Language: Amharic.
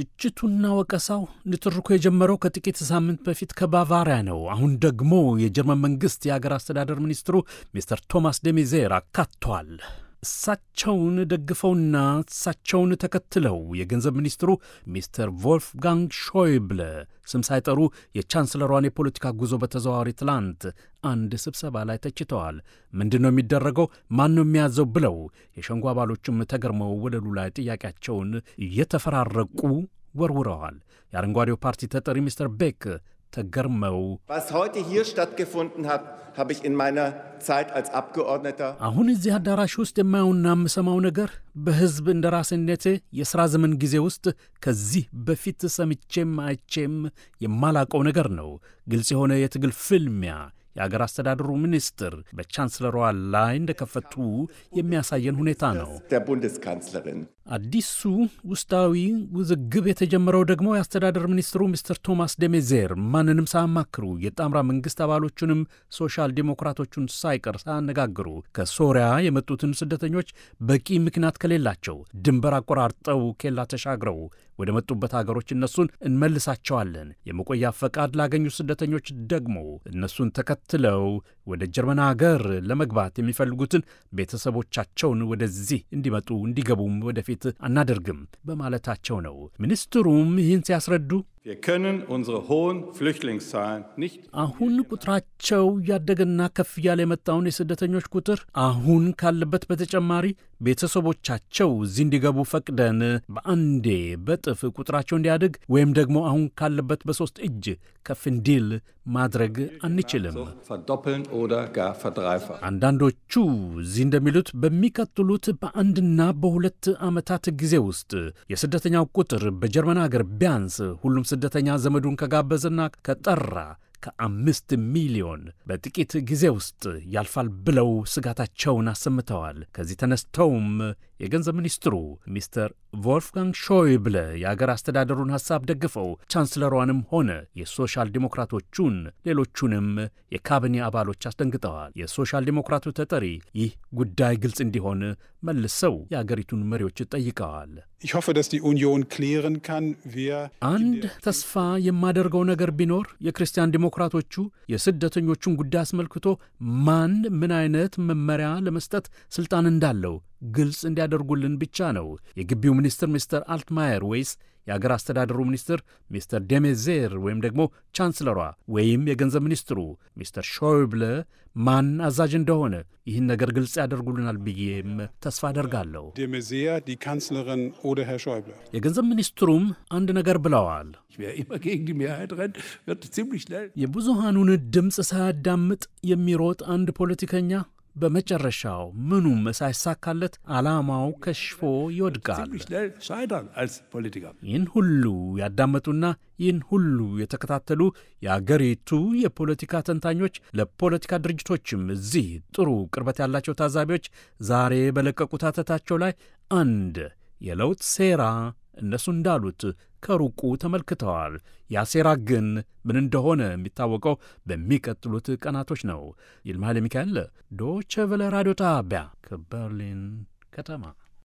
ትችቱና ወቀሳው ንትርኮ የጀመረው ከጥቂት ሳምንት በፊት ከባቫሪያ ነው። አሁን ደግሞ የጀርመን መንግስት የአገር አስተዳደር ሚኒስትሩ ሚስተር ቶማስ ደሜዜር አካቷል። እሳቸውን ደግፈውና እሳቸውን ተከትለው የገንዘብ ሚኒስትሩ ሚስተር ቮልፍጋንግ ሾይብለ ስም ሳይጠሩ የቻንስለሯን የፖለቲካ ጉዞ በተዘዋዋሪ ትላንት አንድ ስብሰባ ላይ ተችተዋል። ምንድን ነው የሚደረገው? ማን ነው የሚያዘው? ብለው የሸንጎ አባሎችም ተገርመው ወለሉ ላይ ጥያቄያቸውን እየተፈራረቁ ወርውረዋል። የአረንጓዴው ፓርቲ ተጠሪ ሚስተር ቤክ ተገርመው አሁን እዚህ አዳራሽ ውስጥ የማየውና የምሰማው ነገር በህዝብ እንደራሴነቴ የሥራ ዘመን ጊዜ ውስጥ ከዚህ በፊት ሰምቼም አይቼም የማላቀው ነገር ነው። ግልጽ የሆነ የትግል ፍልሚያ የአገር አስተዳደሩ ሚኒስትር በቻንስለሯ ላይ እንደከፈቱ የሚያሳየን ሁኔታ ነው። አዲሱ ውስጣዊ ውዝግብ የተጀመረው ደግሞ የአስተዳደር ሚኒስትሩ ሚስተር ቶማስ ደሜዜር ማንንም ሳያማክሩ የጣምራ መንግስት አባሎቹንም ሶሻል ዴሞክራቶቹን ሳይቀር ሳያነጋግሩ ከሶሪያ የመጡትን ስደተኞች በቂ ምክንያት ከሌላቸው ድንበር አቆራርጠው ኬላ ተሻግረው ወደ መጡበት አገሮች እነሱን እንመልሳቸዋለን፣ የመቆያ ፈቃድ ላገኙ ስደተኞች ደግሞ እነሱን ተከትለው ወደ ጀርመን ሀገር ለመግባት የሚፈልጉትን ቤተሰቦቻቸውን ወደዚህ እንዲመጡ እንዲገቡም ወደፊት አናደርግም በማለታቸው ነው። ሚኒስትሩም ይህን ሲያስረዱ አሁን ቁጥራቸው እያደገና ከፍ እያለ የመጣውን የስደተኞች ቁጥር አሁን ካለበት በተጨማሪ ቤተሰቦቻቸው እዚህ እንዲገቡ ፈቅደን በአንዴ በጥፍ ቁጥራቸው እንዲያድግ ወይም ደግሞ አሁን ካለበት በሦስት እጅ ከፍ እንዲል ማድረግ አንችልም። አንዳንዶቹ እዚህ እንደሚሉት በሚቀጥሉት በአንድና በሁለት ዓመታት ጊዜ ውስጥ የስደተኛው ቁጥር በጀርመን አገር ቢያንስ ሁሉም ስደተኛ ዘመዱን ከጋበዘና ከጠራ ከአምስት ሚሊዮን በጥቂት ጊዜ ውስጥ ያልፋል ብለው ስጋታቸውን አሰምተዋል። ከዚህ ተነስተውም የገንዘብ ሚኒስትሩ ሚስተር ቮልፍጋንግ ሾይብለ የአገር አስተዳደሩን ሐሳብ ደግፈው ቻንስለሯንም ሆነ የሶሻል ዲሞክራቶቹን ሌሎቹንም የካቢኔ አባሎች አስደንግጠዋል። የሶሻል ዲሞክራቱ ተጠሪ ይህ ጉዳይ ግልጽ እንዲሆን መልሰው የአገሪቱን መሪዎች ጠይቀዋል። አንድ ተስፋ የማደርገው ነገር ቢኖር የክርስቲያን ዲሞክራቶቹ የስደተኞቹን ጉዳይ አስመልክቶ ማን ምን አይነት መመሪያ ለመስጠት ስልጣን እንዳለው ግልጽ እንዲያደርጉልን ብቻ ነው። የግቢው ሚኒስትር ሚስተር አልትማየር ወይስ የአገር አስተዳደሩ ሚኒስትር ሚስተር ደሜዜር ወይም ደግሞ ቻንስለሯ ወይም የገንዘብ ሚኒስትሩ ሚስተር ሾይብለ ማን አዛዥ እንደሆነ ይህን ነገር ግልጽ ያደርጉልናል ብዬም ተስፋ አደርጋለሁ። የገንዘብ ሚኒስትሩም አንድ ነገር ብለዋል። የብዙሃኑን ድምፅ ሳያዳምጥ የሚሮጥ አንድ ፖለቲከኛ በመጨረሻው ምኑም ሳይሳካለት ዓላማው ከሽፎ ይወድቃል። ይህን ሁሉ ያዳመጡና ይህን ሁሉ የተከታተሉ የአገሪቱ የፖለቲካ ተንታኞች፣ ለፖለቲካ ድርጅቶችም እዚህ ጥሩ ቅርበት ያላቸው ታዛቢዎች ዛሬ በለቀቁት አተታቸው ላይ አንድ የለውጥ ሴራ እነሱ እንዳሉት ከሩቁ ተመልክተዋል። የአሴራ ግን ምን እንደሆነ የሚታወቀው በሚቀጥሉት ቀናቶች ነው። ይልማ ሚካኤል ዶቼ ቬለ ራዲዮ ጣቢያ ከበርሊን ከተማ